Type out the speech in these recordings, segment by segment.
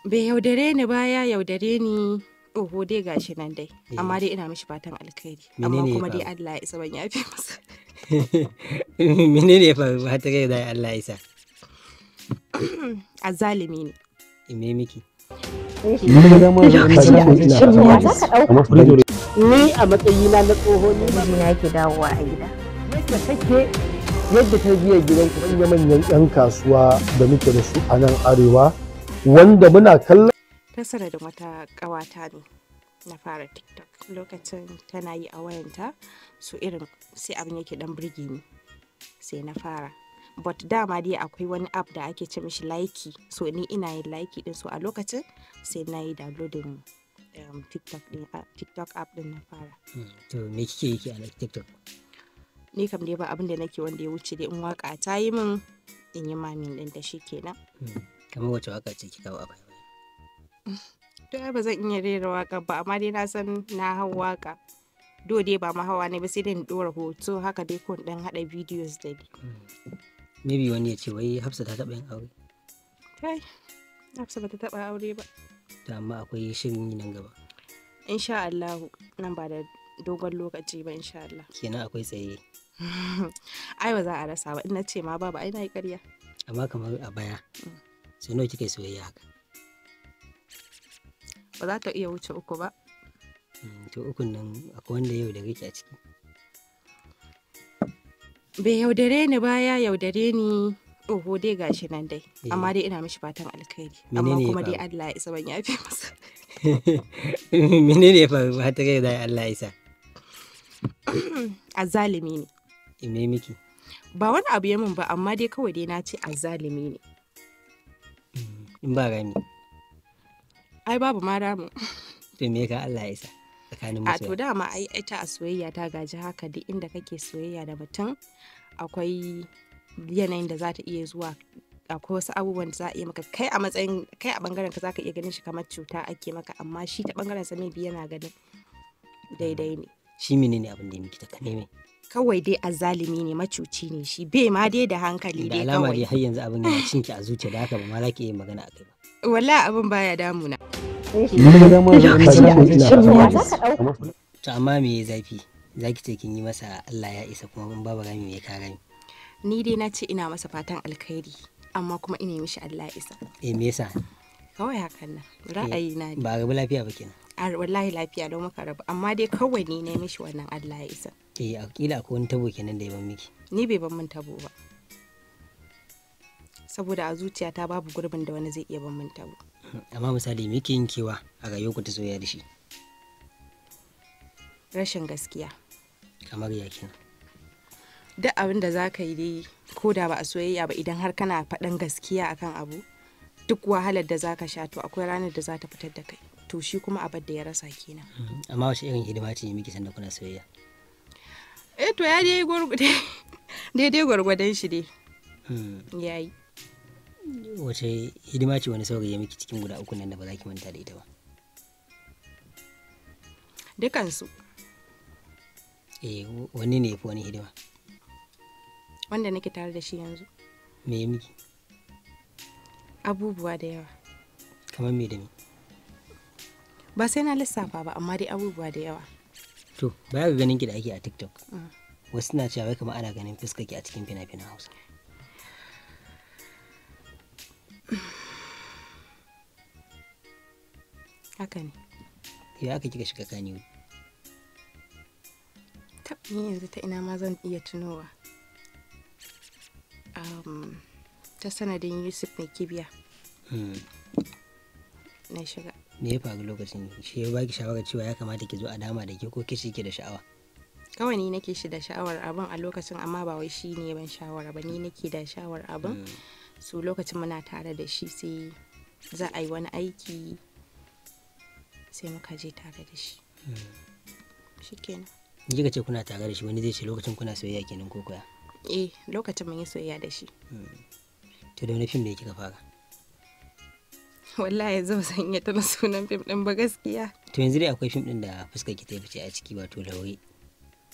bai yaudare ni ba ya yaudare ni oho dai gashi nan dai eh. amma dai ina mishi fatan alkhairi amma kuma dai Allah ya isa ban yafi masa menene ya faru ba ta kai da Allah ya isa azalimi ne me miki ni a matsayi na na tsoho ni ma yake dawowa a gida yadda kake yadda tarbiyyar gidanku manyan 'yan kasuwa da muke da su a nan arewa wanda muna kallon tasara da wata ƙawata ne na fara tiktok lokacin tana yi a wayanta su irin sai abin yake dan birge ni sai na fara but dama dai akwai wani app da ake ce mishi laiki so ni ina yin laiki din so a lokacin sai na yi downloading um, TikTok din uh, TikTok app din na fara. Hmm, to me kike yi a TikTok? Ni kam dai ba abin da nake wanda ya wuce dai in waka ta yi min in yi mamin din shi kenan hmm. kamar wacce waka ce kika a baya to ba zan iya rera waka ba amma dai na san na hau waka do dai ba ma hawa ne ba sai dai in dora hoto haka dai ko dan hada videos da ni hmm. maybe wani ya ce wai Hafsa ta taba yin aure kai Hafsa ba ta taba aure ba to amma akwai shirin nan gaba insha Allah nan ba da dogon lokaci ba insha Allah kenan akwai tsaye ai ba za a rasa ba in na ce ma ba ai na yi ƙarya amma kamar a baya mm. sai nawa kika yi soyayya haka ba za ta iya wuce uku ba hmm, to uku nan akwai wanda yau da rike a ciki bai yaudare ni ba ya yaudare ni oho dai gashi nan dai eh. amma dai ina mishi fatan alkhairi amma kuma dai Allah ya isa ban yafe masa menene ya faru ba ta kai da Allah ya isa azalimi ne eh, me miki ba wani abu ya mun ba amma dai kawai dai na ce azalimi ne in ba gani ai babu ma damu to me ka Allah ya isa tsakanin masoya a to dama ai ita a soyayya ta gaji haka duk inda kake soyayya da mutum akwai yanayin da za ta iya zuwa akwai wasu abubuwan da za a iya maka kai a matsayin kai a bangaren ka za ka iya ganin shi kamar cuta ake maka amma shi ta bangaren sa mai yana ganin daidai ah. ne shi menene abin da ya miki ta kame mai kawai dai azzalimi ne macuci ne shi bai ma dai da hankali dai kawai da alama dai har yanzu abin yana cinki a zuciya da haka ba ma za ki iya magana a kai ba Wala abin baya damuna to amma me ya zafi za ki ce kin yi masa Allah ya isa kuma ban babu rami ka gami ni dai na ce ina masa fatan alkhairi amma kuma ina yi mishi Allah ya isa eh me yasa kawai hakan nan ra'ayi na ba rabu lafiya ba kenan wallahi lafiya don muka rabu amma dai kawai ni na mishi wannan Allah ya isa e akila ko wani tabo kenan da ya ban miki ni bai ban min tabo ba saboda a zuciyata babu gurbin da wani zai iya ban min tabo amma misali me yin kewa a rayuwarku ta soyayya da shi rashin gaskiya kamar ya kenan duk abin da za ka yi dai ko da ba a soyayya ba idan har kana faɗan gaskiya akan abu duk wahalar da za ka sha to akwai ranar da za ta fitar da kai to shi kuma abar da ya rasa kenan mhm. amma wace irin hidima ce miki sanda kuna soyayya to ya dai daidai gwargwadon shi dai hmm. ya yi wace hidima ce wani saurayi miki cikin guda uku nan da ba za ki manta da ita ba dukansu eh wani ne fi wani hidima wanda nake tare da shi yanzu me ya miki abubuwa da yawa kamar me da me ba sai na lissafa ba amma dai abubuwa da yawa to ba ga ganin ki da ake a tiktok mm. wasu na cewa kamar ana ganin ke a cikin fina-finan hausa haka ne ya aka kika shiga kaniwu ni yanzu ta ina ma zan iya tunowa um, ta sanadin yusuf mai kibiya hmm. na shiga me ya faru lokacin shi ya baki shawarar cewa ya kamata ki zo a dama da ke ko kishi ke da sha'awa kawai ni nake shi da sha'awar abin a lokacin amma ba wai shi ne ban shawara ba ni nake da shawar abin mm. su lokacin muna tare da shi sai za a yi wani aiki sai muka je tare da shi mm. kenan kika ce kuna tare da shi wani zai ce lokacin kuna soyayya kenan ko koya eh lokacin mun yi soyayya da shi mm. to da wani fim da kika fara wallahi yanzu ba san iya tana sunan fim din ba gaskiya to yanzu dai akwai fim din da fuskar ki ta fice a ciki wato laure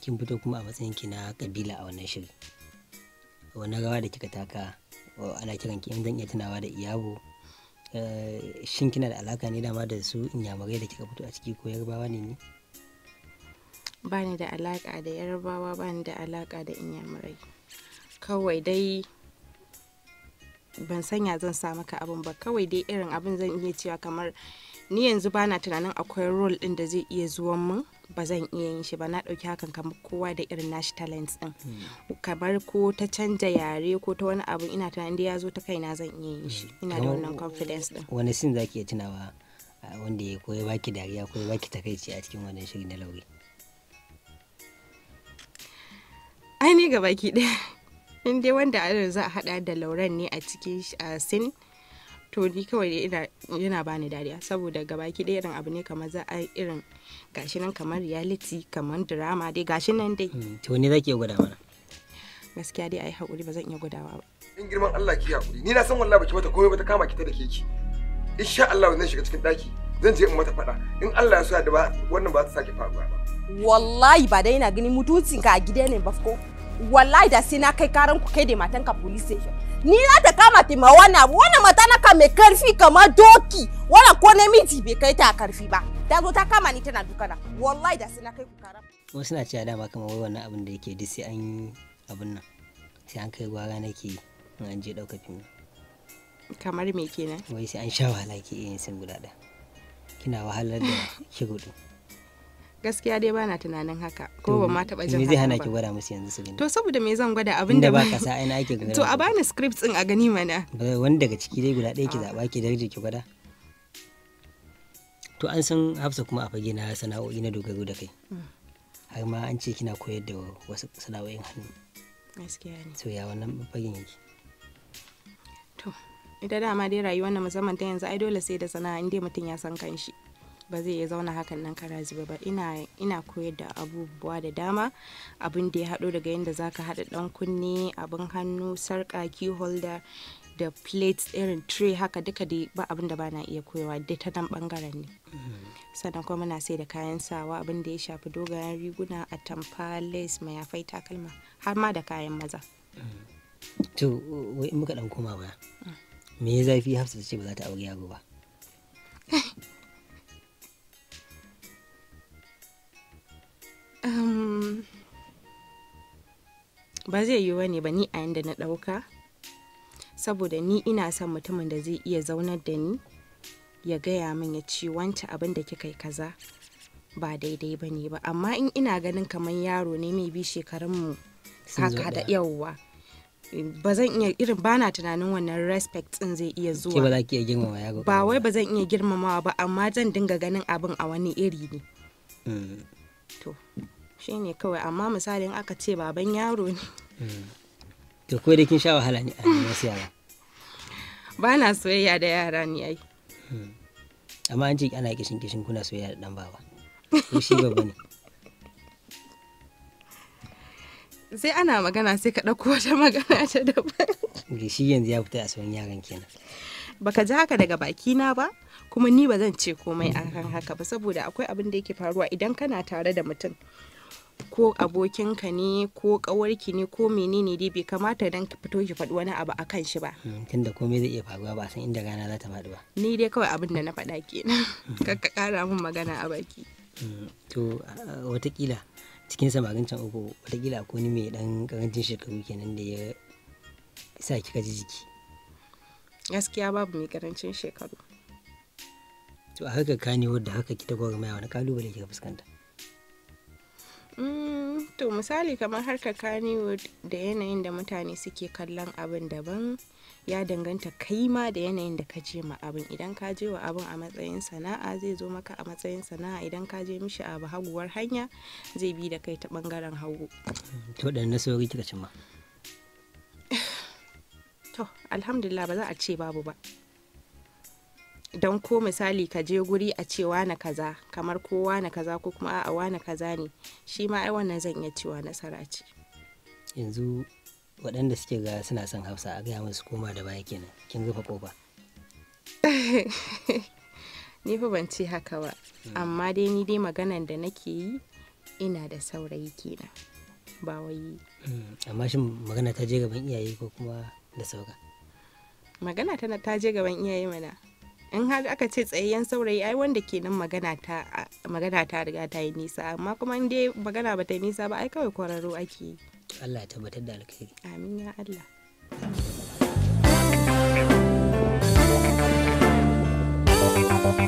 kin fito kuma a matsayin ki na kabila a wannan shiri wani rawa da kika taka ana kiran ki in zan iya tunawa da iyabo eh, shin kina da alaka ne dama da su inyamurai da kika fito a ciki ko yarbawa ne ne ba ni da alaka da yarbawa ba ni da alaka da inyamurai kawai dai ban sanya zan sa maka abin ba kawai dai irin abin zan iya cewa kamar ni yanzu bana tunanin akwai role din da zai iya zuwan mun ba zan iya yin shi ba na ɗauki hakan kamar kowa da irin nashi talents din hmm. kamar ko ta canja yare ko ta wani abu ina tunanin da ya zo ta kaina zan iya yin shi ina da wannan confidence din wani sin zaki iya tunawa wanda ya koyi baki dariya ko ya baki takaici a cikin wannan shiri na lauri ai ne ga baki ɗaya in dai wanda za a hada da lauren ne a cikin sin to ni kawai yana bani dariya saboda gabaki ɗaya irin abu ne kamar za a irin gashi nan kamar reality kamar drama dai gashi nan dai hmm, to ni zaki guda mana gaskiya dai ai hakuri ba zan iya gudawa ba in girman Allah ki hakuri ni na san wallahi baki mata komai ba ta kama ki ta da keki insha Allah zan shiga cikin daki zan je in mata fada in Allah ya so da wannan ba ta sake faruwa ba wallahi ba dai ina ganin mutuncinka a gida ne ba ko wallahi da sai na kai karan ku kai da ka police station ni na ta kama ta ma wana abu mata na ka mai karfi kamar doki wala ko namiji bai kai ta karfi ba ta zo ta kama ni tana dukana wallahi da sai na kai ku karan wasu suna cewa dama kamar wai wannan abin da yake duk sai an yi abin nan sai an kai gwara nake in an je ɗauka fim kamar me kenan wai sai an sha wahala ke yin sun guda ɗaya kina wahalar da ki gudu gaskiya dai bana tunanin haka ko ba ma taba jin haka zai hana ki gwada musu yanzu su to saboda me zan gwada abinda ba ka sa aina ake gwada to a bani script din a gani mana wani daga ciki dai guda ɗaya ki ah. zaba ki darje ki gwada to an san Hafsa kuma a fage na sana'o'i na dogaro da kai hmm. har ma an ce kina koyar da wasu sana'o'in hannu gaskiya ne to ya wannan fagen yake to ita dama dai rayuwar na musamman ta yanzu ai dole sai da sana'a inda mutum ya san kanshi ba zai iya zauna hakan nan kara zuba ba ina ina koyar da abubuwa da dama abin da ya haɗo daga yadda zaka haɗa ɗan kunne abin hannu sarka key holder da plates irin tray haka duka dai ba abin da bana iya koyawa dai ta nan bangaren ne sannan kuma muna sai da kayan sawa abin da ya shafi dogayen riguna a tampa lace mayafai takalma har ma da kayan maza to wai in muka dan koma ba me ya zafi hafsa ce ba za ta aure yaro ba ba zai yi ne ba ni a yanda na ɗauka saboda ni ina son mutumin da zai iya zaunar da ni ya gaya min ya ce wancan abin da kika yi kaza ba daidai ba ne ba amma in ina ganin kamar yaro ne mai bi shekarunmu kaka da yawwa ba zan iya irin bana tunanin wannan respect din zai iya zuwa ba za ki iya girmama ba wai ba zan iya girmamawa ba amma zan dinga ganin abin a wani iri ne mm. to shine kawai amma misalin aka ce baban yaro ne mm. to ko da kin sha wahala ne a wasu yara ba na soyayya da yara ni ai mm. amma an ce ana kishin kishin kuna soyayya da dan baba ko shi babba ne sai ana magana sai ka ɗauko wata magana ta daban shi yanzu ya fita a sauran yaran kenan baka ji haka daga baki na ba kuma ni ba zan ce komai akan haka ba saboda akwai abin da yake faruwa idan kana tare da mutum ko abokinka ne ko kawarki ne ko menene dai bai kamata dan ki fito ki faɗi wani abu akan shi ba mm, da komai zai iya faruwa ba san inda gana za ta faɗi ba ni dai kawai abin da na faɗa kenan kar ka ƙara min magana a baki mm, to watakila cikin samarin can uku watakila ko ni mai dan karancin shekaru kenan da ya sa kika ji jiki gaskiya babu mai karancin shekaru to a haka kani wadda haka ki ta gwagwarmaya wani kalubale kika fuskanta Mm, to misali kamar harkar Kannywood da yanayin da mutane suke kallon abin daban ya danganta kai ma da yanayin da ka je ma abin idan ka je wa abin a matsayin sana'a zai zo maka a matsayin sana'a idan ka je mishi a haguwar hanya zai bi da kai ta bangaren hagu to da sauri kika cimma to alhamdulillah ba za a ce babu ba don ko misali ka je guri a ce na kaza kamar ko wane kaza ko kuma a wane kaza ne shi ma ai wannan zan iya cewa nasara ce yanzu waɗanda suke ga suna son hausa a gaya musu koma da baya kenan kin rufe ba ni fa ban ce haka ba amma dai ni dai maganan da nake yi ina da saurayi kenan ba wai mm, amma shin magana ta je gaban iyaye ko kuma da sauka magana tana ta je gaban iyaye mana in har aka ce tsayayyen saurayi ai wanda ke nan magana ta riga ta yi nisa amma kuma in dai magana ba ta yi nisa ba ai kawai kwararro ake yi Allah ya tabbatar da alkhairi amin ya Allah